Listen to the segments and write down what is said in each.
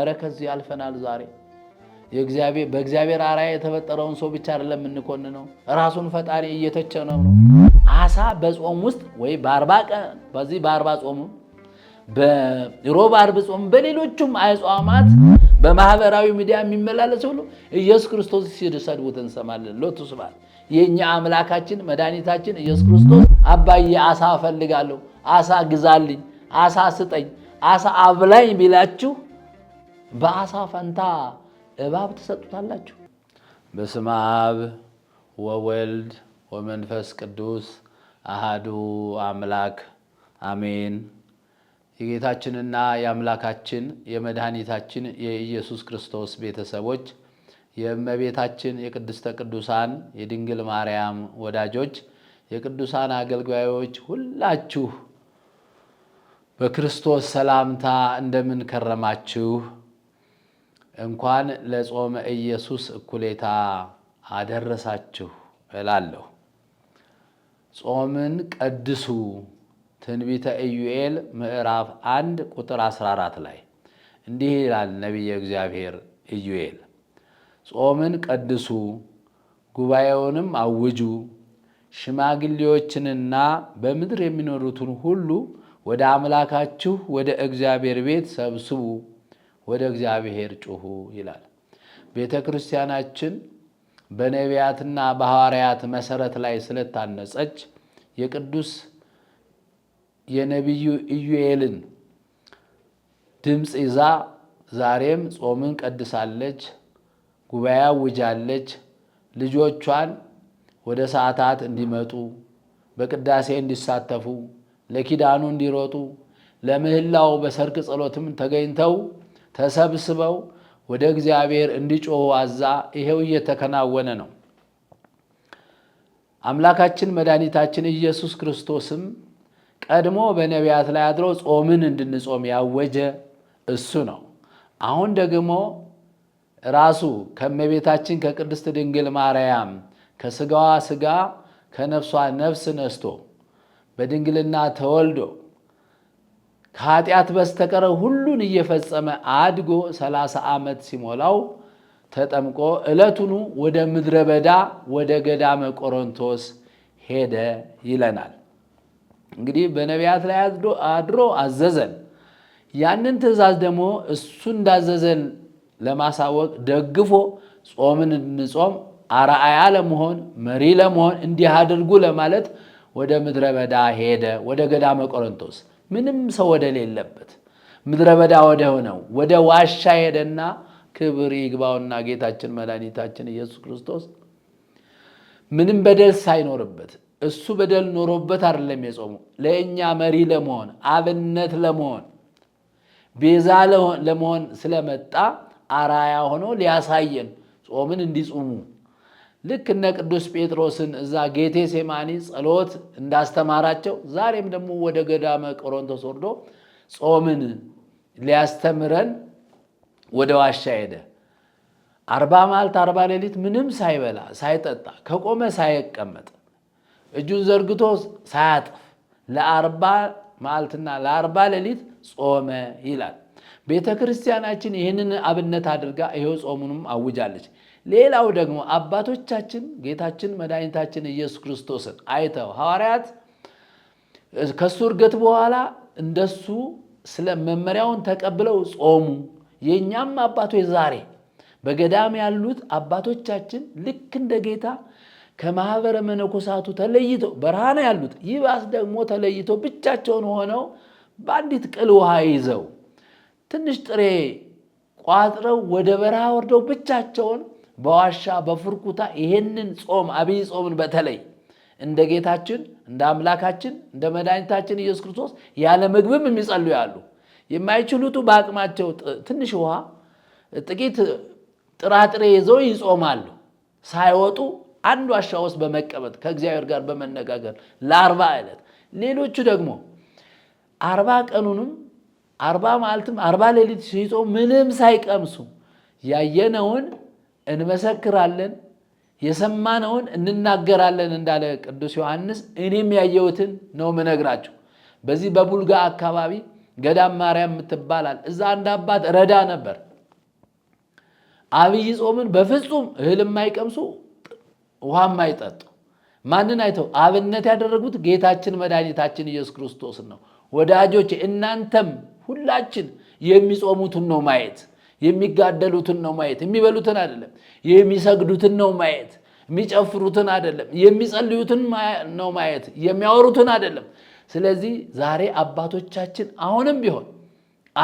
እረ ከዚህ ያልፈናል። ዛሬ የእግዚአብሔር በእግዚአብሔር አርአያ የተፈጠረውን ሰው ብቻ አይደለም ነው ራሱን ፈጣሪ እየተቸ ነው ነው አሳ በጾም ውስጥ ወይ በአርባ ቀን በዚህ በአርባ ጾም በሮብ አርብ ጾም በሌሎቹም አጽዋማት በማህበራዊ ሚዲያ የሚመላለስ ሁሉ ኢየሱስ ክርስቶስ ሲሰድቡት እንሰማለን። ሎቱ ስብሐት። የእኛ አምላካችን መድኃኒታችን ኢየሱስ ክርስቶስ አባዬ አሳ እፈልጋለሁ፣ አሳ ግዛልኝ፣ አሳ ስጠኝ፣ አሳ አብላኝ ቢላችሁ በአሳ ፈንታ እባብ ትሰጡታላችሁ። በስመ አብ ወወልድ ወመንፈስ ቅዱስ አሃዱ አምላክ አሜን። የጌታችንና የአምላካችን የመድኃኒታችን የኢየሱስ ክርስቶስ ቤተሰቦች የእመቤታችን የቅድስተ ቅዱሳን የድንግል ማርያም ወዳጆች የቅዱሳን አገልጋዮች ሁላችሁ በክርስቶስ ሰላምታ እንደምን ከረማችሁ? እንኳን ለጾመ ኢየሱስ እኩሌታ አደረሳችሁ እላለሁ። ጾምን ቀድሱ ትንቢተ ኢዩኤል ምዕራፍ 1 ቁጥር 14 ላይ እንዲህ ይላል ነቢየ እግዚአብሔር ኢዩኤል ጾምን ቀድሱ ጉባኤውንም አውጁ ሽማግሌዎችንና በምድር የሚኖሩትን ሁሉ ወደ አምላካችሁ ወደ እግዚአብሔር ቤት ሰብስቡ ወደ እግዚአብሔር ጩሁ ይላል። ቤተ ክርስቲያናችን በነቢያትና በሐዋርያት መሰረት ላይ ስለታነጸች የቅዱስ የነቢዩ ኢዩኤልን ድምፅ ይዛ ዛሬም ጾምን ቀድሳለች፣ ጉባኤ አውጃለች። ልጆቿን ወደ ሰዓታት እንዲመጡ በቅዳሴ እንዲሳተፉ ለኪዳኑ እንዲሮጡ ለምህላው በሰርክ ጸሎትም ተገኝተው ተሰብስበው ወደ እግዚአብሔር እንዲጮሁ አዛ ይሄው እየተከናወነ ነው። አምላካችን መድኃኒታችን ኢየሱስ ክርስቶስም ቀድሞ በነቢያት ላይ አድሮ ጾምን እንድንጾም ያወጀ እሱ ነው። አሁን ደግሞ ራሱ ከእመቤታችን ከቅድስት ድንግል ማርያም ከስጋዋ ስጋ ከነፍሷ ነፍስ ነስቶ በድንግልና ተወልዶ ከኃጢአት በስተቀረ ሁሉን እየፈጸመ አድጎ ሰላሳ ዓመት ሲሞላው ተጠምቆ ዕለቱኑ ወደ ምድረ በዳ ወደ ገዳመ ቆሮንቶስ ሄደ ይለናል። እንግዲህ በነቢያት ላይ አድሮ አዘዘን። ያንን ትእዛዝ ደግሞ እሱ እንዳዘዘን ለማሳወቅ ደግፎ ጾምን እንድንጾም አርአያ ለመሆን መሪ ለመሆን እንዲህ አድርጉ ለማለት ወደ ምድረ በዳ ሄደ፣ ወደ ገዳመ ቆሮንቶስ ምንም ሰው ወደ ሌለበት ምድረ በዳ ወደ ሆነው ወደ ዋሻ ሄደና ክብር ይግባውና ጌታችን መድኃኒታችን ኢየሱስ ክርስቶስ ምንም በደል ሳይኖርበት እሱ በደል ኖሮበት አይደለም የጾሙ ለእኛ መሪ ለመሆን አብነት ለመሆን ቤዛ ለመሆን ስለመጣ አራያ ሆኖ ሊያሳየን ጾምን እንዲጾሙ ልክ እነ ቅዱስ ጴጥሮስን እዛ ጌቴ ሴማኒ ጸሎት እንዳስተማራቸው ዛሬም ደግሞ ወደ ገዳመ ቆሮንቶስ ወርዶ ጾምን ሊያስተምረን ወደ ዋሻ ሄደ። አርባ ማልት አርባ ሌሊት ምንም ሳይበላ ሳይጠጣ ከቆመ ሳይቀመጥ እጁን ዘርግቶ ሳያጥፍ ለአርባ ማልትና ለአርባ ሌሊት ጾመ ይላል። ቤተ ክርስቲያናችን ይህንን አብነት አድርጋ ይኸው ጾሙንም አውጃለች። ሌላው ደግሞ አባቶቻችን ጌታችን መድኃኒታችን ኢየሱስ ክርስቶስን አይተው ሐዋርያት ከእሱ እርገት በኋላ እንደሱ ስለ መመሪያውን ተቀብለው ጾሙ። የእኛም አባቶች ዛሬ በገዳም ያሉት አባቶቻችን ልክ እንደ ጌታ ከማኅበረ መነኮሳቱ ተለይተው በረሃ ያሉት። ይባስ ደግሞ ተለይቶ ብቻቸውን ሆነው በአንዲት ቅል ውሃ ይዘው ትንሽ ጥሬ ቋጥረው ወደ በረሃ ወርደው ብቻቸውን በዋሻ በፍርኩታ ይሄንን ጾም አብይ ጾምን በተለይ እንደ ጌታችን እንደ አምላካችን እንደ መድኃኒታችን ኢየሱስ ክርስቶስ ያለ ምግብም የሚጸሉ ያሉ የማይችሉቱ በአቅማቸው ትንሽ ውሃ፣ ጥቂት ጥራጥሬ ይዘው ይጾማሉ። ሳይወጡ አንድ ዋሻ ውስጥ በመቀመጥ ከእግዚአብሔር ጋር በመነጋገር ለአርባ ዕለት ሌሎቹ ደግሞ አርባ ቀኑንም አርባ መዓልትም አርባ ሌሊት ሲጾም ምንም ሳይቀምሱ ያየነውን እንመሰክራለን፣ የሰማነውን እንናገራለን እንዳለ ቅዱስ ዮሐንስ እኔም ያየሁትን ነው ምነግራችሁ። በዚህ በቡልጋ አካባቢ ገዳም ማርያም የምትባላል እዛ አንድ አባት ረዳ ነበር። አብይ ጾምን በፍጹም እህል የማይቀምሱ ውሃ የማይጠጡ ማንን አይተው አብነት ያደረጉት ጌታችን መድኃኒታችን ኢየሱስ ክርስቶስን ነው። ወዳጆች እናንተም ሁላችን የሚጾሙትን ነው ማየት የሚጋደሉትን ነው ማየት፣ የሚበሉትን አይደለም። የሚሰግዱትን ነው ማየት፣ የሚጨፍሩትን አይደለም። የሚጸልዩትን ነው ማየት፣ የሚያወሩትን አይደለም። ስለዚህ ዛሬ አባቶቻችን አሁንም ቢሆን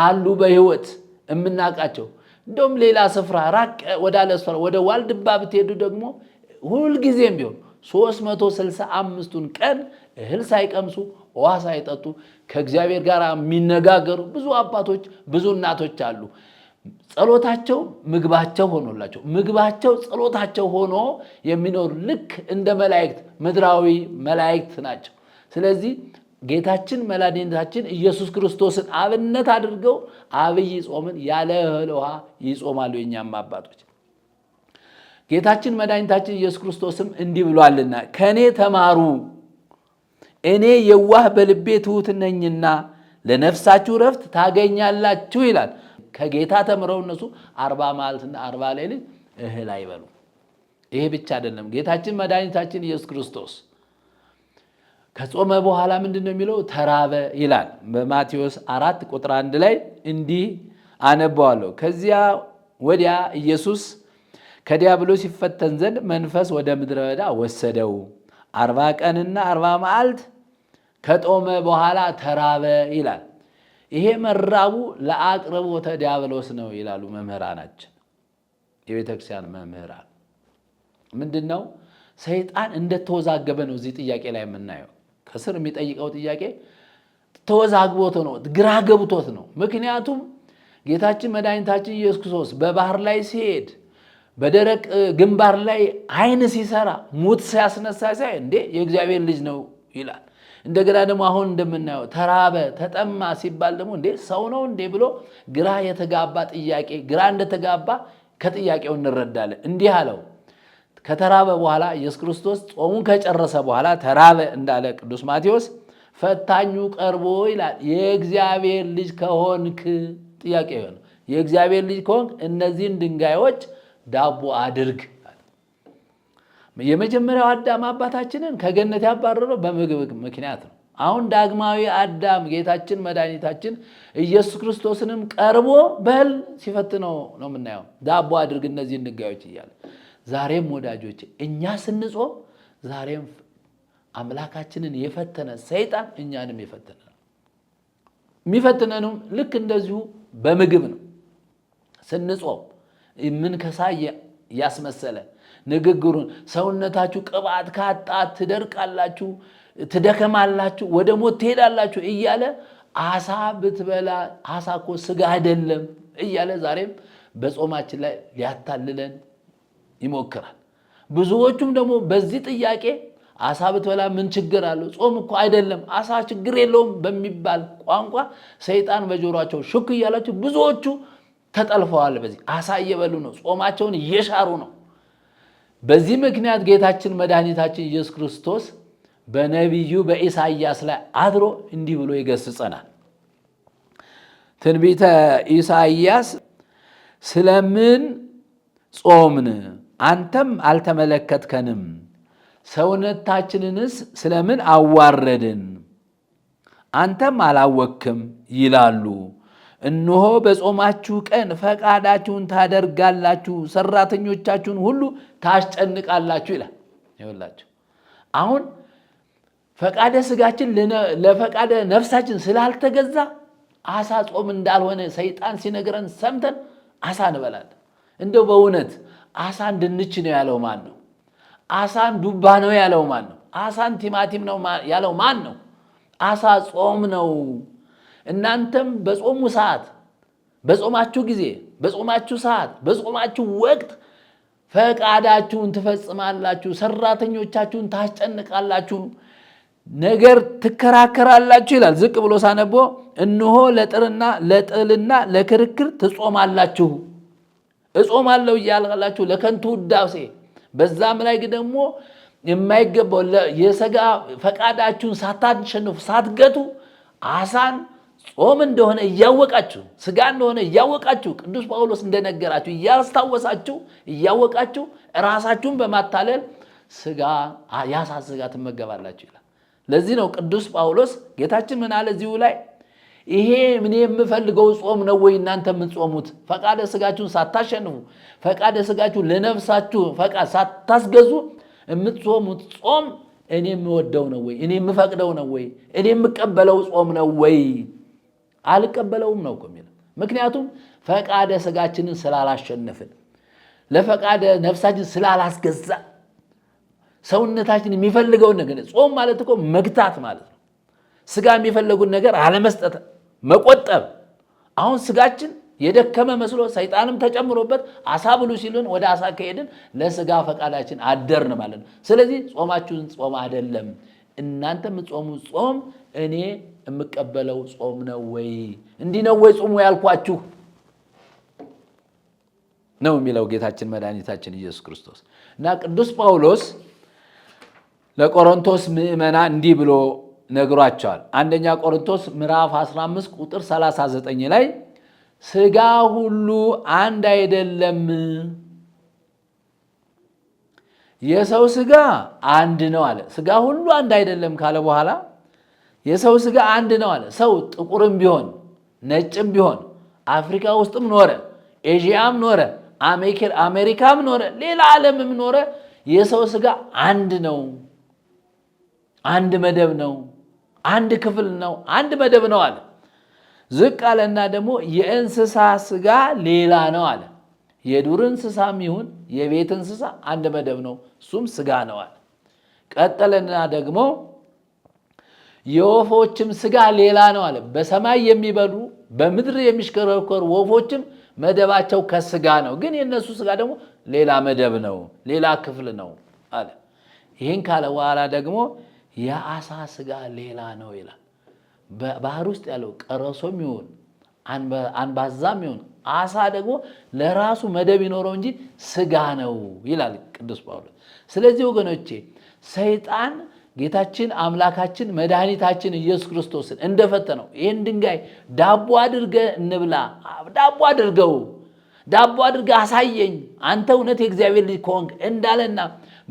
አሉ በህይወት የምናውቃቸው እንደውም ሌላ ስፍራ ራቅ ወዳለ ወደ ዋልድባ ብትሄዱ ደግሞ ሁልጊዜም ቢሆን 365ቱን ቀን እህል ሳይቀምሱ ውሃ ሳይጠጡ ከእግዚአብሔር ጋር የሚነጋገሩ ብዙ አባቶች ብዙ እናቶች አሉ። ጸሎታቸው ምግባቸው ሆኖላቸው ምግባቸው ጸሎታቸው ሆኖ የሚኖሩ ልክ እንደ መላእክት ምድራዊ መላእክት ናቸው። ስለዚህ ጌታችን መድኃኒታችን ኢየሱስ ክርስቶስን አብነት አድርገው አብይ ጾምን ያለ እህል ውሃ ይጾማሉ። የኛም አባቶች ጌታችን መድኃኒታችን ኢየሱስ ክርስቶስም እንዲህ ብሏልና ከእኔ ተማሩ እኔ የዋህ በልቤ ትሑት ነኝና ለነፍሳችሁ ረፍት ታገኛላችሁ ይላል። ከጌታ ተምረው እነሱ አርባ መዓልትና አርባ ሌሊት እህል አይበሉ። ይሄ ብቻ አይደለም። ጌታችን መድኃኒታችን ኢየሱስ ክርስቶስ ከጾመ በኋላ ምንድን ነው የሚለው? ተራበ ይላል። በማቴዎስ አራት ቁጥር አንድ ላይ እንዲህ አነበዋለሁ። ከዚያ ወዲያ ኢየሱስ ከዲያብሎስ ይፈተን ዘንድ መንፈስ ወደ ምድረ በዳ ወሰደው። አርባ ቀንና አርባ መዓልት ከጦመ በኋላ ተራበ ይላል። ይሄ መራቡ ለአቅርቦተ ዲያብሎስ ነው ይላሉ መምህራናችን፣ የቤተክርስቲያን መምህራን። ምንድን ነው ሰይጣን እንደተወዛገበ ነው እዚህ ጥያቄ ላይ የምናየው። ከስር የሚጠይቀው ጥያቄ ተወዛግቦት ነው፣ ግራ ገብቶት ነው። ምክንያቱም ጌታችን መድኃኒታችን ኢየሱስ ክርስቶስ በባህር ላይ ሲሄድ በደረቅ ግንባር ላይ አይን ሲሰራ ሙት ሲያስነሳ ሲያይ እንዴ የእግዚአብሔር ልጅ ነው ይላል። እንደገና ደግሞ አሁን እንደምናየው ተራበ፣ ተጠማ ሲባል ደግሞ እንዴ ሰው ነው እንዴ ብሎ ግራ የተጋባ ጥያቄ ግራ እንደተጋባ ከጥያቄው እንረዳለን። እንዲህ አለው ከተራበ በኋላ ኢየሱስ ክርስቶስ ጾሙን ከጨረሰ በኋላ ተራበ እንዳለ ቅዱስ ማቴዎስ ፈታኙ ቀርቦ ይላል የእግዚአብሔር ልጅ ከሆንክ ጥያቄ የሆነ የእግዚአብሔር ልጅ ከሆንክ እነዚህን ድንጋዮች ዳቦ አድርግ የመጀመሪያው አዳም አባታችንን ከገነት ያባረረው በምግብ ምክንያት ነው። አሁን ዳግማዊ አዳም ጌታችን መድኃኒታችን ኢየሱስ ክርስቶስንም ቀርቦ በል ሲፈትነው ነው የምናየው። ዳቦ አድርግ እነዚህ እንጋዮች እያለ ዛሬም ወዳጆች እኛ ስንጾም ዛሬም አምላካችንን የፈተነ ሰይጣን እኛንም የፈተነ ነው። የሚፈትነንም ልክ እንደዚሁ በምግብ ነው። ስንጾም ምን ከሳ ያስመሰለ ንግግሩን ሰውነታችሁ ቅባት ካጣ ትደርቃላችሁ፣ ትደከማላችሁ፣ ወደ ሞት ትሄዳላችሁ እያለ አሳ ብትበላ አሳ እኮ ስጋ አይደለም እያለ ዛሬም በጾማችን ላይ ሊያታልለን ይሞክራል። ብዙዎቹም ደግሞ በዚህ ጥያቄ አሳ ብትበላ ምን ችግር አለው? ጾም እኮ አይደለም አሳ ችግር የለውም በሚባል ቋንቋ ሰይጣን በጆሯቸው ሹክ እያላቸው ብዙዎቹ ተጠልፈዋል። በዚህ አሳ እየበሉ ነው፣ ጾማቸውን እየሻሩ ነው። በዚህ ምክንያት ጌታችን መድኃኒታችን ኢየሱስ ክርስቶስ በነቢዩ በኢሳይያስ ላይ አድሮ እንዲህ ብሎ ይገስጸናል። ትንቢተ ኢሳይያስ ስለምን ጾምን አንተም አልተመለከትከንም? ሰውነታችንንስ ስለምን አዋረድን አንተም አላወክም ይላሉ እነሆ በጾማችሁ ቀን ፈቃዳችሁን ታደርጋላችሁ፣ ሰራተኞቻችሁን ሁሉ ታስጨንቃላችሁ ይላል። ይኸውላችሁ አሁን ፈቃደ ስጋችን ለፈቃደ ነፍሳችን ስላልተገዛ አሳ ጾም እንዳልሆነ ሰይጣን ሲነግረን ሰምተን አሳ እንበላለን። እንደው በእውነት አሳ እንድንች ነው ያለው ማን ነው? አሳን ዱባ ነው ያለው ማን ነው? አሳን ቲማቲም ነው ያለው ማን ነው? አሳ ጾም ነው እናንተም በጾሙ ሰዓት፣ በጾማችሁ ጊዜ፣ በጾማችሁ ሰዓት፣ በጾማችሁ ወቅት ፈቃዳችሁን ትፈጽማላችሁ፣ ሰራተኞቻችሁን ታስጨንቃላችሁ፣ ነገር ትከራከራላችሁ ይላል። ዝቅ ብሎ ሳነቦ እንሆ ለጥርና ለጥልና ለክርክር ትጾማላችሁ፣ እጾማለሁ እያላችሁ ለከንቱ ውዳሴ በዛም ላይ ደግሞ የማይገባው የሰጋ ፈቃዳችሁን ሳታሸንፉ ሳትገቱ አሳን ጾም እንደሆነ እያወቃችሁ ስጋ እንደሆነ እያወቃችሁ ቅዱስ ጳውሎስ እንደነገራችሁ እያስታወሳችሁ እያወቃችሁ ራሳችሁን በማታለል ስጋ ያሳ ስጋ ትመገባላችሁ ይላል። ለዚህ ነው ቅዱስ ጳውሎስ ጌታችን ምን አለ እዚሁ ላይ ይሄ ምን የምፈልገው ጾም ነው ወይ እናንተ የምትጾሙት? ፈቃደ ስጋችሁን ሳታሸንፉ ፈቃደ ስጋችሁን ለነፍሳችሁ ፈቃድ ሳታስገዙ የምትጾሙት ጾም እኔ የምወደው ነው ወይ? እኔ የምፈቅደው ነው ወይ? እኔ የምቀበለው ጾም ነው ወይ? አልቀበለውም ነው እኮ ምክንያቱም ፈቃደ ስጋችንን ስላላሸነፍን፣ ለፈቃደ ነፍሳችን ስላላስገዛ ሰውነታችን የሚፈልገውን ነገር ጾም ማለት እኮ መግታት ማለት ነው። ስጋ የሚፈልጉን ነገር አለመስጠት፣ መቆጠብ። አሁን ስጋችን የደከመ መስሎ ሰይጣንም ተጨምሮበት አሳ ብሉ ሲሉን ወደ አሳ ከሄድን ለስጋ ፈቃዳችን አደርን ማለት ነው። ስለዚህ ጾማችሁን ጾም አይደለም እናንተ የምትጾሙ ጾም እኔ የምቀበለው ጾም ነው ወይ? እንዲህ ነው ወይ ጾሙ ያልኳችሁ ነው የሚለው ጌታችን መድኃኒታችን ኢየሱስ ክርስቶስ። እና ቅዱስ ጳውሎስ ለቆሮንቶስ ምዕመና እንዲህ ብሎ ነግሯቸዋል። አንደኛ ቆሮንቶስ ምዕራፍ 15 ቁጥር 39 ላይ ስጋ ሁሉ አንድ አይደለም፣ የሰው ስጋ አንድ ነው አለ። ሥጋ ሁሉ አንድ አይደለም ካለ በኋላ የሰው ስጋ አንድ ነው አለ። ሰው ጥቁርም ቢሆን ነጭም ቢሆን አፍሪካ ውስጥም ኖረ፣ ኤዥያም ኖረ፣ አሜሪካም ኖረ፣ ሌላ ዓለምም ኖረ፣ የሰው ስጋ አንድ ነው። አንድ መደብ ነው፣ አንድ ክፍል ነው፣ አንድ መደብ ነው አለ። ዝቅ አለና ደግሞ የእንስሳ ስጋ ሌላ ነው አለ። የዱር እንስሳም ይሁን የቤት እንስሳ አንድ መደብ ነው፣ እሱም ስጋ ነው አለ። ቀጠለና ደግሞ የወፎችም ስጋ ሌላ ነው አለ። በሰማይ የሚበሉ በምድር የሚሽከረከሩ ወፎችም መደባቸው ከስጋ ነው፣ ግን የእነሱ ስጋ ደግሞ ሌላ መደብ ነው፣ ሌላ ክፍል ነው አለ። ይህን ካለ በኋላ ደግሞ የአሳ ስጋ ሌላ ነው ይላል። ባህር ውስጥ ያለው ቀረሶም ይሁን አንባዛም ይሁን አሳ ደግሞ ለራሱ መደብ ይኖረው እንጂ ስጋ ነው ይላል ቅዱስ ጳውሎስ። ስለዚህ ወገኖቼ ሰይጣን ጌታችን አምላካችን መድኃኒታችን ኢየሱስ ክርስቶስን እንደፈተነው ይህን ድንጋይ ዳቦ አድርገ እንብላ፣ ዳቦ አድርገው፣ ዳቦ አድርገ አሳየኝ፣ አንተ እውነት የእግዚአብሔር ልጅ ከሆንክ እንዳለና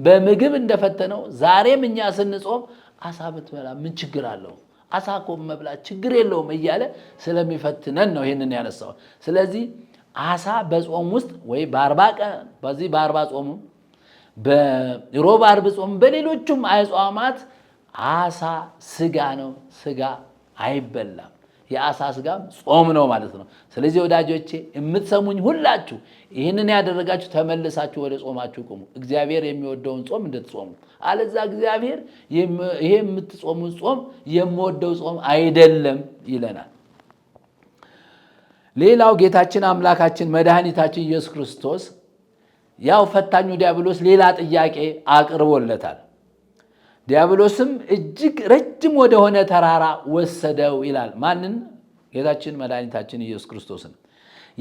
በምግብ እንደፈተነው ዛሬም እኛ ስንጾም አሳ ብትበላ ምን ችግር አለው? አሳ እኮ መብላት ችግር የለውም እያለ ስለሚፈትነን ነው ይህንን ያነሳው። ስለዚህ አሳ በጾም ውስጥ ወይ በአርባ ቀን በዚህ በአርባ ጾምም በሮብ አርብ ጾም፣ በሌሎቹም አጽዋማት አሳ ስጋ ነው። ስጋ አይበላም። የአሳ ስጋም ጾም ነው ማለት ነው። ስለዚህ ወዳጆቼ የምትሰሙኝ ሁላችሁ ይህንን ያደረጋችሁ ተመልሳችሁ ወደ ጾማችሁ ቁሙ። እግዚአብሔር የሚወደውን ጾም እንድትጾሙ፣ አለዛ እግዚአብሔር ይሄ የምትጾሙን ጾም የምወደው ጾም አይደለም ይለናል። ሌላው ጌታችን አምላካችን መድኃኒታችን ኢየሱስ ክርስቶስ ያው ፈታኙ ዲያብሎስ ሌላ ጥያቄ አቅርቦለታል። ዲያብሎስም እጅግ ረጅም ወደሆነ ተራራ ወሰደው ይላል። ማንን? ጌታችን መድኃኒታችን ኢየሱስ ክርስቶስን።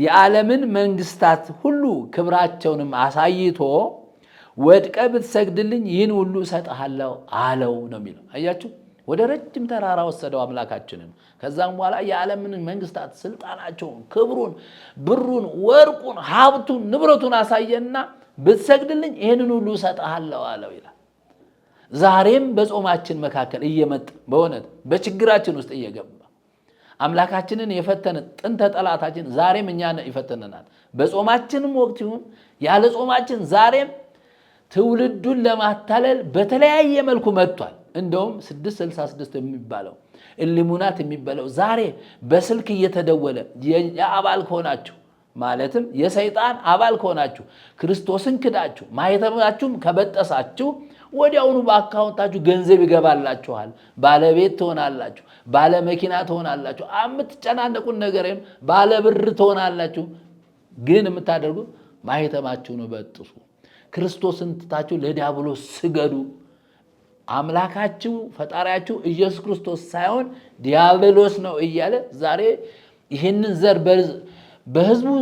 የዓለምን መንግስታት ሁሉ ክብራቸውንም አሳይቶ ወድቀ ብትሰግድልኝ ይህን ሁሉ እሰጥሃለሁ አለው ነው የሚለው አያችሁ። ወደ ረጅም ተራራ ወሰደው አምላካችንን። ከዛም በኋላ የዓለምን መንግስታት ስልጣናቸውን፣ ክብሩን፣ ብሩን፣ ወርቁን፣ ሀብቱን፣ ንብረቱን አሳየና ብትሰግድልኝ ይህንን ሁሉ እሰጥሃለሁ አለው ይላል። ዛሬም በጾማችን መካከል እየመጥ በእውነት በችግራችን ውስጥ እየገባ አምላካችንን የፈተነ ጥንተ ጠላታችን ዛሬም እኛ ይፈተነናል። በጾማችንም ወቅት ይሁን ያለ ጾማችን ዛሬም ትውልዱን ለማታለል በተለያየ መልኩ መጥቷል። እንደውም 666 የሚባለው እልሙናት የሚባለው ዛሬ በስልክ እየተደወለ የአባል ከሆናችሁ ማለትም የሰይጣን አባል ከሆናችሁ ክርስቶስን ክዳችሁ ማየተማችሁም ከበጠሳችሁ ወዲያውኑ በአካውንታችሁ ገንዘብ ይገባላችኋል። ባለቤት ትሆናላችሁ፣ ባለመኪና ትሆናላችሁ፣ የምትጨናነቁን ነገርም ባለብር ትሆናላችሁ። ግን የምታደርጉ ማየተማችሁን በጥሱ፣ ክርስቶስን ትታችሁ ለዲያብሎ ስገዱ። አምላካችሁ ፈጣሪያችሁ ኢየሱስ ክርስቶስ ሳይሆን ዲያብሎስ ነው እያለ ዛሬ ይህንን ዘር በህዝቡ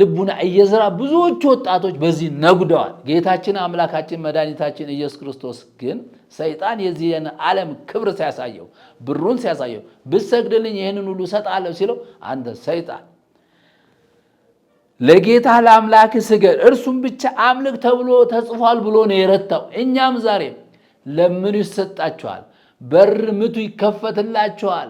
ልቡና እየዘራ ብዙዎቹ ወጣቶች በዚህ ነጉደዋል። ጌታችን አምላካችን መድኃኒታችን ኢየሱስ ክርስቶስ ግን ሰይጣን የዚህን ዓለም ክብር ሲያሳየው ብሩን ሲያሳየው ብሰግድልኝ ይህንን ሁሉ ሰጣለሁ ሲለው አንተ ሰይጣን ለጌታ ለአምላክ ስገድ እርሱም ብቻ አምልክ ተብሎ ተጽፏል ብሎ ነው የረታው። እኛም ዛሬም ለምኑ ይሰጣችኋል፣ በር ምቱ ይከፈትላችኋል፣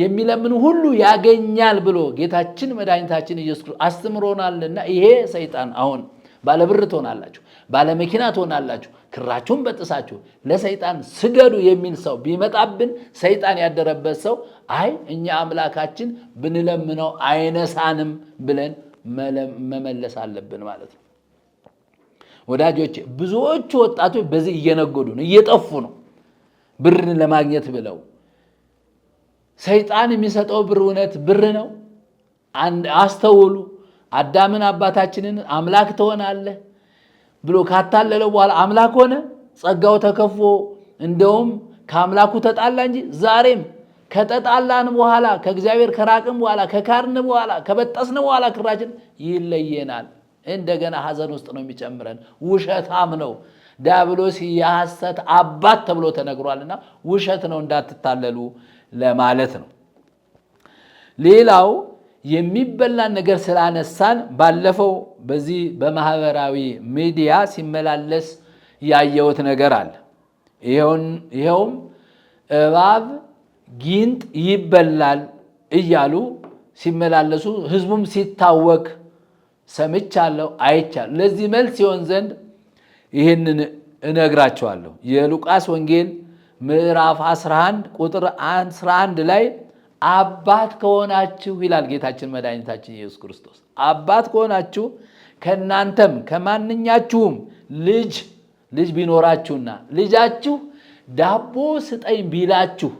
የሚለምን ሁሉ ያገኛል ብሎ ጌታችን መድኃኒታችን ኢየሱስ ክርስቶስ አስተምሮናልና ይሄ ሰይጣን አሁን ባለብር ትሆናላችሁ፣ ባለመኪና ትሆናላችሁ፣ ክራችሁን በጥሳችሁ ለሰይጣን ስገዱ የሚል ሰው ቢመጣብን ሰይጣን ያደረበት ሰው አይ እኛ አምላካችን ብንለምነው አይነሳንም ብለን መመለስ አለብን ማለት ነው። ወዳጆች ብዙዎቹ ወጣቶች በዚህ እየነገዱ ነው፣ እየጠፉ ነው። ብርን ለማግኘት ብለው ሰይጣን የሚሰጠው ብር እውነት ብር ነው። አስተውሉ። አዳምን አባታችንን አምላክ ትሆናለህ ብሎ ካታለለው በኋላ አምላክ ሆነ። ጸጋው ተከፎ እንደውም ከአምላኩ ተጣላ እንጂ ዛሬም ከተጣላን በኋላ ከእግዚአብሔር ከራቅን በኋላ ከካርን በኋላ ከበጠስን በኋላ ክራችን ይለየናል። እንደገና ሀዘን ውስጥ ነው የሚጨምረን። ውሸታም ነው ዲያብሎስ የሐሰት አባት ተብሎ ተነግሯልና ውሸት ነው እንዳትታለሉ ለማለት ነው። ሌላው የሚበላን ነገር ስላነሳን ባለፈው በዚህ በማህበራዊ ሚዲያ ሲመላለስ ያየሁት ነገር አለ። ይኸውም እባብ ጊንጥ ይበላል እያሉ ሲመላለሱ ህዝቡም ሲታወክ ሰምቻለሁ፣ አይቻለሁ። ለዚህ መልስ ይሆን ዘንድ ይህንን እነግራቸዋለሁ። የሉቃስ ወንጌል ምዕራፍ 11 ቁጥር 11 ላይ አባት ከሆናችሁ ይላል ጌታችን መድኃኒታችን ኢየሱስ ክርስቶስ። አባት ከሆናችሁ ከእናንተም ከማንኛችሁም ልጅ ልጅ ቢኖራችሁና ልጃችሁ ዳቦ ስጠኝ ቢላችሁ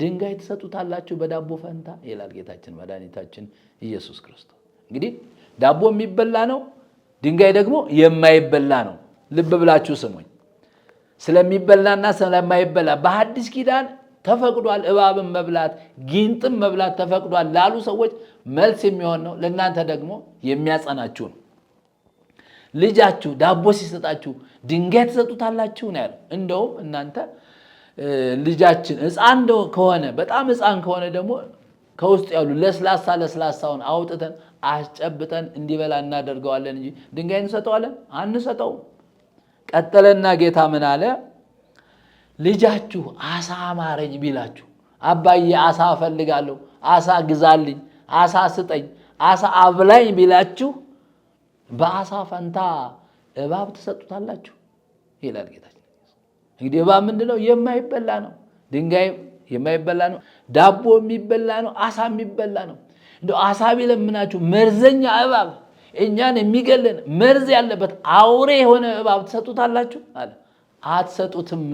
ድንጋይ ትሰጡታላችሁ በዳቦ ፈንታ ይላል ጌታችን መድኃኒታችን ኢየሱስ ክርስቶስ እንግዲህ ዳቦ የሚበላ ነው፣ ድንጋይ ደግሞ የማይበላ ነው። ልብ ብላችሁ ስሙኝ። ስለሚበላና ስለማይበላ በሐዲስ ኪዳን ተፈቅዷል። እባብን መብላት ጊንጥም መብላት ተፈቅዷል ላሉ ሰዎች መልስ የሚሆን ነው። ለእናንተ ደግሞ የሚያጸናችሁ ነው። ልጃችሁ ዳቦ ሲሰጣችሁ ድንጋይ ትሰጡታላችሁ ነው ያለው። እንደውም እናንተ ልጃችን ሕፃን ከሆነ በጣም ሕፃን ከሆነ ደግሞ ከውስጥ ያሉ ለስላሳ ለስላሳውን አውጥተን አስጨብጠን እንዲበላ እናደርገዋለን እንጂ ድንጋይ እንሰጠዋለን? አንሰጠውም። ቀጠለና ጌታ ምን አለ? ልጃችሁ አሳ አማረኝ ቢላችሁ አባዬ አሳ እፈልጋለሁ፣ አሳ ግዛልኝ፣ አሳ ስጠኝ፣ አሳ አብላኝ ቢላችሁ በአሳ ፈንታ እባብ ትሰጡታላችሁ ይላል ጌታችን። እንግዲህ እባብ ምንድን ነው? የማይበላ ነው። ድንጋይ የማይበላ ነው። ዳቦ የሚበላ ነው። አሳ የሚበላ ነው። እንደ አሳቢ ለምናችሁ መርዘኛ እባብ እኛን የሚገለን መርዝ ያለበት አውሬ የሆነ እባብ ትሰጡታላችሁ አለ። አትሰጡትም።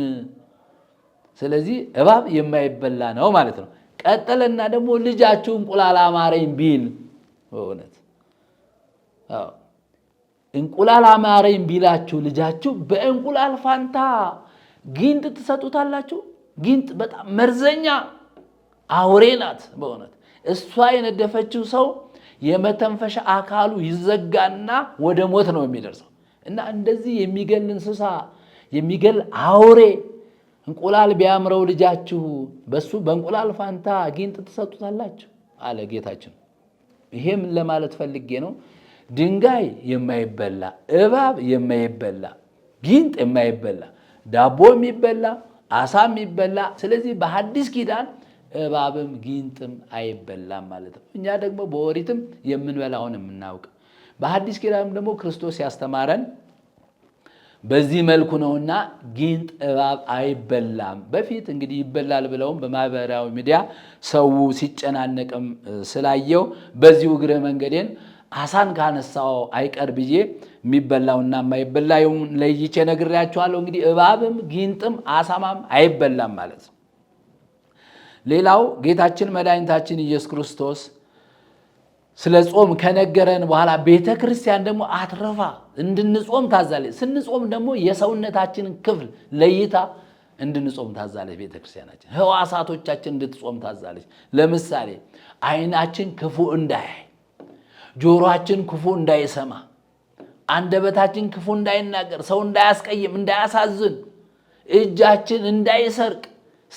ስለዚህ እባብ የማይበላ ነው ማለት ነው። ቀጠለና ደግሞ ልጃችሁ እንቁላል አማረኝ ቢል በእውነት እንቁላል አማረኝ ቢላችሁ ልጃችሁ በእንቁላል ፋንታ ጊንጥ ትሰጡታላችሁ? ጊንጥ በጣም መርዘኛ አውሬ ናት በእውነት እሷ የነደፈችው ሰው የመተንፈሻ አካሉ ይዘጋና ወደ ሞት ነው የሚደርሰው። እና እንደዚህ የሚገል እንስሳ የሚገል አውሬ እንቁላል ቢያምረው ልጃችሁ በሱ በእንቁላል ፋንታ ጊንጥ ትሰጡታላችሁ አለ ጌታችን። ይሄ ምን ለማለት ፈልጌ ነው? ድንጋይ የማይበላ እባብ የማይበላ ጊንጥ የማይበላ ዳቦ የሚበላ አሳ የሚበላ ስለዚህ በሐዲስ ኪዳን እባብም ጊንጥም አይበላም ማለት ነው። እኛ ደግሞ በኦሪትም የምንበላውን የምናውቅ በሐዲስ ኪዳንም ደግሞ ክርስቶስ ያስተማረን በዚህ መልኩ ነውና ጊንጥ እባብ አይበላም። በፊት እንግዲህ ይበላል ብለውም በማህበራዊ ሚዲያ ሰው ሲጨናነቅም ስላየው በዚሁ እግረ መንገዴን አሳን ካነሳው አይቀር ብዬ የሚበላውና የማይበላውን ለይቼ ነግሬያችኋለሁ። እንግዲህ እባብም ጊንጥም አሳማም አይበላም ማለት ነው። ሌላው ጌታችን መድኃኒታችን ኢየሱስ ክርስቶስ ስለ ጾም ከነገረን በኋላ ቤተ ክርስቲያን ደግሞ አትረፋ እንድንጾም ታዛለች። ስንጾም ደግሞ የሰውነታችንን ክፍል ለይታ እንድንጾም ታዛለች። ቤተ ክርስቲያናችን ህዋሳቶቻችን እንድትጾም ታዛለች። ለምሳሌ ዓይናችን ክፉ እንዳያይ፣ ጆሮአችን ክፉ እንዳይሰማ፣ አንደበታችን ክፉ እንዳይናገር፣ ሰው እንዳያስቀይም፣ እንዳያሳዝን፣ እጃችን እንዳይሰርቅ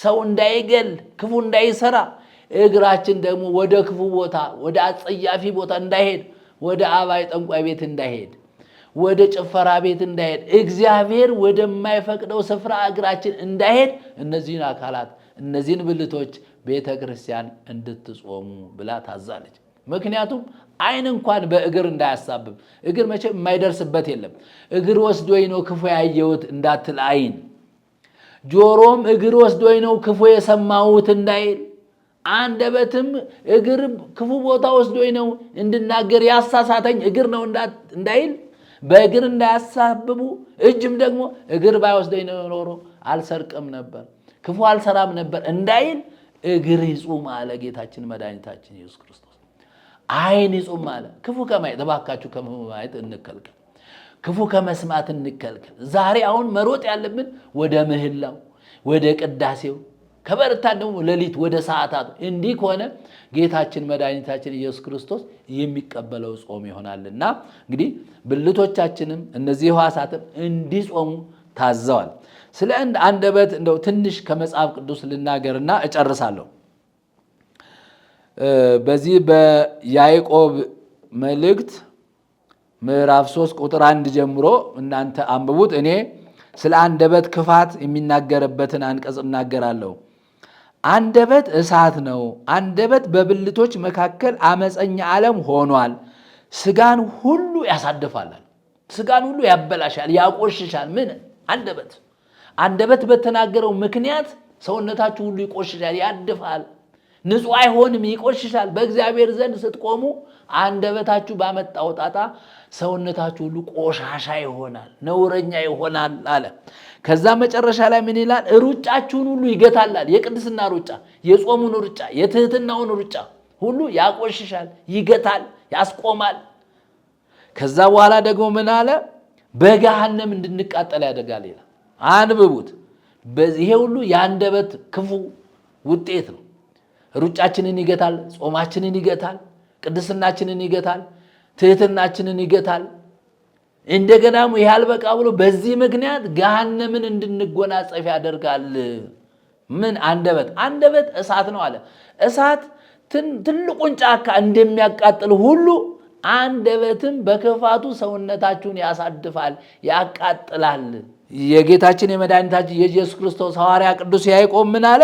ሰው እንዳይገል፣ ክፉ እንዳይሰራ፣ እግራችን ደግሞ ወደ ክፉ ቦታ ወደ አጸያፊ ቦታ እንዳይሄድ፣ ወደ አባይ ጠንቋይ ቤት እንዳይሄድ፣ ወደ ጭፈራ ቤት እንዳይሄድ፣ እግዚአብሔር ወደማይፈቅደው ስፍራ እግራችን እንዳይሄድ እነዚህን አካላት እነዚህን ብልቶች ቤተ ክርስቲያን እንድትጾሙ ብላ ታዛለች። ምክንያቱም ዓይን እንኳን በእግር እንዳያሳብብ እግር መቼ የማይደርስበት የለም። እግር ወስዶ ነው ክፉ ያየሁት እንዳትል ዓይን ጆሮም እግር ወስዶኝ ነው ክፉ የሰማሁት እንዳይል፣ አንደበትም እግር ክፉ ቦታ ወስዶኝ ነው እንድናገር ያሳሳተኝ እግር ነው እንዳይል፣ በእግር እንዳያሳብቡ፣ እጅም ደግሞ እግር ባይወስደኝ ነው ኖሮ አልሰርቅም ነበር ክፉ አልሰራም ነበር እንዳይል እግር ይጹም አለ ጌታችን መድኃኒታችን ኢየሱስ ክርስቶስ። አይን ይጹም አለ ክፉ ከማየት እባካችሁ፣ ክፉ ከማየት እንከልከል። ክፉ ከመስማት እንከልከል። ዛሬ አሁን መሮጥ ያለብን ወደ ምህላው፣ ወደ ቅዳሴው ከበርታ ደግሞ ሌሊት ወደ ሰዓታት። እንዲህ ከሆነ ጌታችን መድኃኒታችን ኢየሱስ ክርስቶስ የሚቀበለው ጾም ይሆናልና እንግዲህ ብልቶቻችንም እነዚህ ሕዋሳትም እንዲጾሙ ታዘዋል። ስለ አንደበት እንደው ትንሽ ከመጽሐፍ ቅዱስ ልናገርና እጨርሳለሁ። በዚህ በያዕቆብ መልእክት ምዕራፍ 3 ቁጥር አንድ ጀምሮ እናንተ አንብቡት። እኔ ስለ አንደበት ክፋት የሚናገርበትን አንቀጽ እናገራለሁ። አንደበት እሳት ነው። አንደበት በብልቶች መካከል አመፀኛ ዓለም ሆኗል። ስጋን ሁሉ ያሳድፋላል። ስጋን ሁሉ ያበላሻል፣ ያቆሽሻል። ምን አንደበት አንደበት በተናገረው ምክንያት ሰውነታችሁ ሁሉ ይቆሽሻል፣ ያድፋል፣ ንጹህ አይሆንም፣ ይቆሽሻል። በእግዚአብሔር ዘንድ ስትቆሙ አንደበታችሁ ባመጣው ጣጣ ሰውነታችሁ ሁሉ ቆሻሻ ይሆናል፣ ነውረኛ ይሆናል አለ። ከዛ መጨረሻ ላይ ምን ይላል? ሩጫችሁን ሁሉ ይገታላል። የቅድስና ሩጫ፣ የጾሙን ሩጫ፣ የትህትናውን ሩጫ ሁሉ ያቆሽሻል፣ ይገታል፣ ያስቆማል። ከዛ በኋላ ደግሞ ምን አለ? በገሃነም እንድንቃጠል ያደርጋል ይላል። አንብቡት። ይሄ ሁሉ የአንደበት ክፉ ውጤት ነው። ሩጫችንን ይገታል፣ ጾማችንን ይገታል፣ ቅድስናችንን ይገታል ትህትናችንን ይገታል። እንደገናም ይህ አልበቃ ብሎ በዚህ ምክንያት ገሃነምን እንድንጎናጸፍ ያደርጋል። ምን አንደበት አንደበት እሳት ነው አለ። እሳት ትልቁን ጫካ እንደሚያቃጥል ሁሉ አንደበትም በክፋቱ ሰውነታችሁን ያሳድፋል፣ ያቃጥላል። የጌታችን የመድኃኒታችን የኢየሱስ ክርስቶስ ሐዋርያ ቅዱስ ያዕቆብ ምን አለ?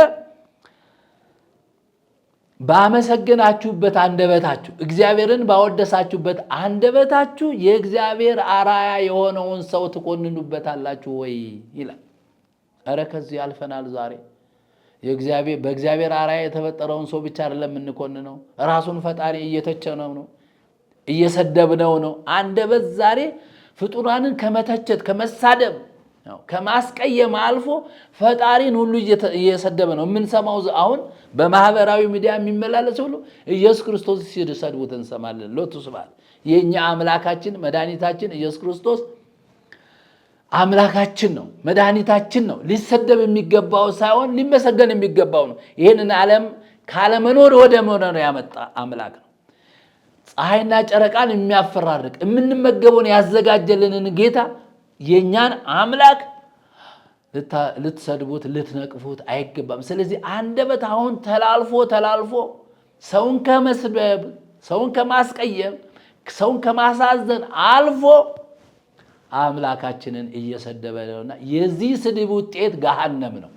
ባመሰገናችሁበት አንደበታችሁ እግዚአብሔርን ባወደሳችሁበት አንደበታችሁ የእግዚአብሔር አራያ የሆነውን ሰው ትኮንኑበታላችሁ ወይ ይላል። እረ ከዚህ ያልፈናል። ዛሬ በእግዚአብሔር አራያ የተፈጠረውን ሰው ብቻ አይደለም የምንኮንነው፣ ራሱን ፈጣሪ እየተቸነው ነው፣ እየሰደብነው ነው። አንደበት ዛሬ ፍጡራንን ከመተቸት ከመሳደብ ከማስቀየም አልፎ ፈጣሪን ሁሉ እየሰደበ ነው የምንሰማው። አሁን በማህበራዊ ሚዲያ የሚመላለስ ሁሉ ኢየሱስ ክርስቶስ ሲሰድቡት እንሰማለን። ሎቱ ስብሐት። የእኛ አምላካችን መድኃኒታችን ኢየሱስ ክርስቶስ አምላካችን ነው፣ መድኃኒታችን ነው። ሊሰደብ የሚገባው ሳይሆን ሊመሰገን የሚገባው ነው። ይህንን ዓለም ካለመኖር ወደ መኖር ያመጣ አምላክ ነው። ፀሐይና ጨረቃን የሚያፈራርቅ የምንመገበውን ያዘጋጀልንን ጌታ የእኛን አምላክ ልትሰድቡት ልትነቅፉት አይገባም። ስለዚህ አንደበት አሁን ተላልፎ ተላልፎ ሰውን ከመስደብ ሰውን ከማስቀየም ሰውን ከማሳዘን አልፎ አምላካችንን እየሰደበ ነውና የዚህ ስድብ ውጤት ገሃነም ነው።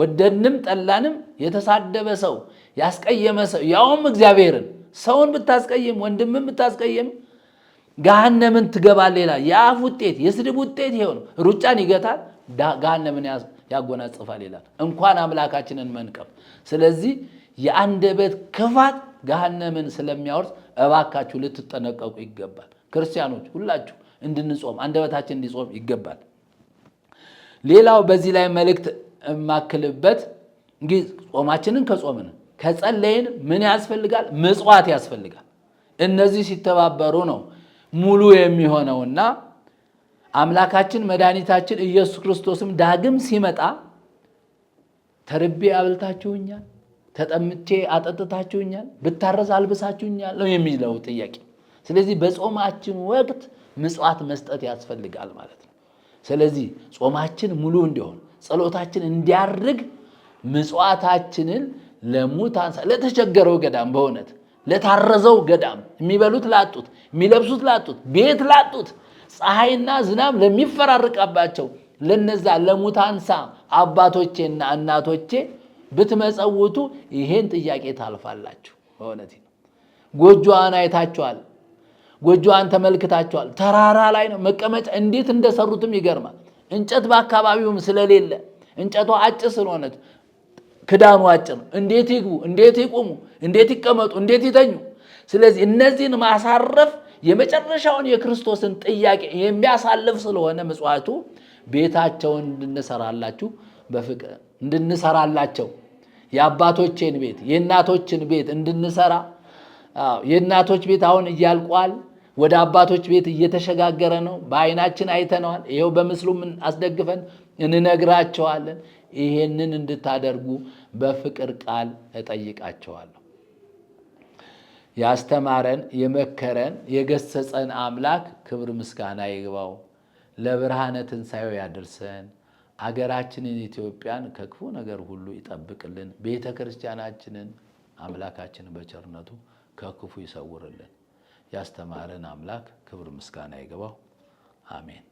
ወደንም ጠላንም የተሳደበ ሰው ያስቀየመ ሰው ያውም እግዚአብሔርን ሰውን ብታስቀይም ወንድምን ብታስቀይም ገሃነምን ትገባል ሌላ የአፍ ውጤት የስድብ ውጤት ይሄው ነው። ሩጫን ይገታል፣ ገሃነምን ያጎናጽፋል ይላል። እንኳን አምላካችንን መንቀፍ። ስለዚህ የአንደበት ክፋት ገሃነምን ስለሚያወርስ እባካችሁ ልትጠነቀቁ ይገባል። ክርስቲያኖች ሁላችሁ እንድንጾም አንደበታችን እንዲጾም ይገባል። ሌላው በዚህ ላይ መልእክት የማክልበት እንግዲህ ጾማችንን ከጾምን ከጸለይን ምን ያስፈልጋል? ምጽዋት ያስፈልጋል። እነዚህ ሲተባበሩ ነው ሙሉ የሚሆነውና አምላካችን መድኃኒታችን ኢየሱስ ክርስቶስም ዳግም ሲመጣ ተርቤ አብልታችሁኛል፣ ተጠምቼ አጠጥታችሁኛል፣ ብታረዝ አልብሳችሁኛል ነው የሚለው ጥያቄ። ስለዚህ በጾማችን ወቅት ምጽዋት መስጠት ያስፈልጋል ማለት ነው። ስለዚህ ጾማችን ሙሉ እንዲሆን ጸሎታችን እንዲያርግ ምጽዋታችንን ለሙታን ለተቸገረው ገዳም በእውነት ለታረዘው ገዳም፣ የሚበሉት ላጡት፣ የሚለብሱት ላጡት፣ ቤት ላጡት፣ ፀሐይና ዝናብ ለሚፈራርቃባቸው ለነዛ ለሙታንሳ አባቶቼና እናቶቼ ብትመጸውቱ ይሄን ጥያቄ ታልፋላችሁ። በእውነት ጎጆዋን አይታችኋል። ጎጆዋን ተመልክታችኋል። ተራራ ላይ ነው መቀመጫ። እንዴት እንደሰሩትም ይገርማል። እንጨት በአካባቢውም ስለሌለ እንጨቷ አጭር ስለሆነች ክዳኑ አጭር ነው። እንዴት ይግቡ፣ እንዴት ይቁሙ፣ እንዴት ይቀመጡ፣ እንዴት ይተኙ። ስለዚህ እነዚህን ማሳረፍ የመጨረሻውን የክርስቶስን ጥያቄ የሚያሳልፍ ስለሆነ ምጽዋቱ ቤታቸውን እንድንሰራላችሁ በፍቅር እንድንሰራላቸው የአባቶችን ቤት የእናቶችን ቤት እንድንሰራ የእናቶች ቤት አሁን እያልቋል። ወደ አባቶች ቤት እየተሸጋገረ ነው። በአይናችን አይተነዋል። ይኸው በምስሉም አስደግፈን እንነግራቸዋለን። ይሄንን እንድታደርጉ በፍቅር ቃል እጠይቃቸዋለሁ። ያስተማረን የመከረን የገሰጸን አምላክ ክብር ምስጋና ይግባው። ለብርሃነ ትንሣኤው ያደርሰን። አገራችንን ኢትዮጵያን ከክፉ ነገር ሁሉ ይጠብቅልን። ቤተ ክርስቲያናችንን አምላካችን በቸርነቱ ከክፉ ይሰውርልን። ያስተማረን አምላክ ክብር ምስጋና ይግባው። አሜን።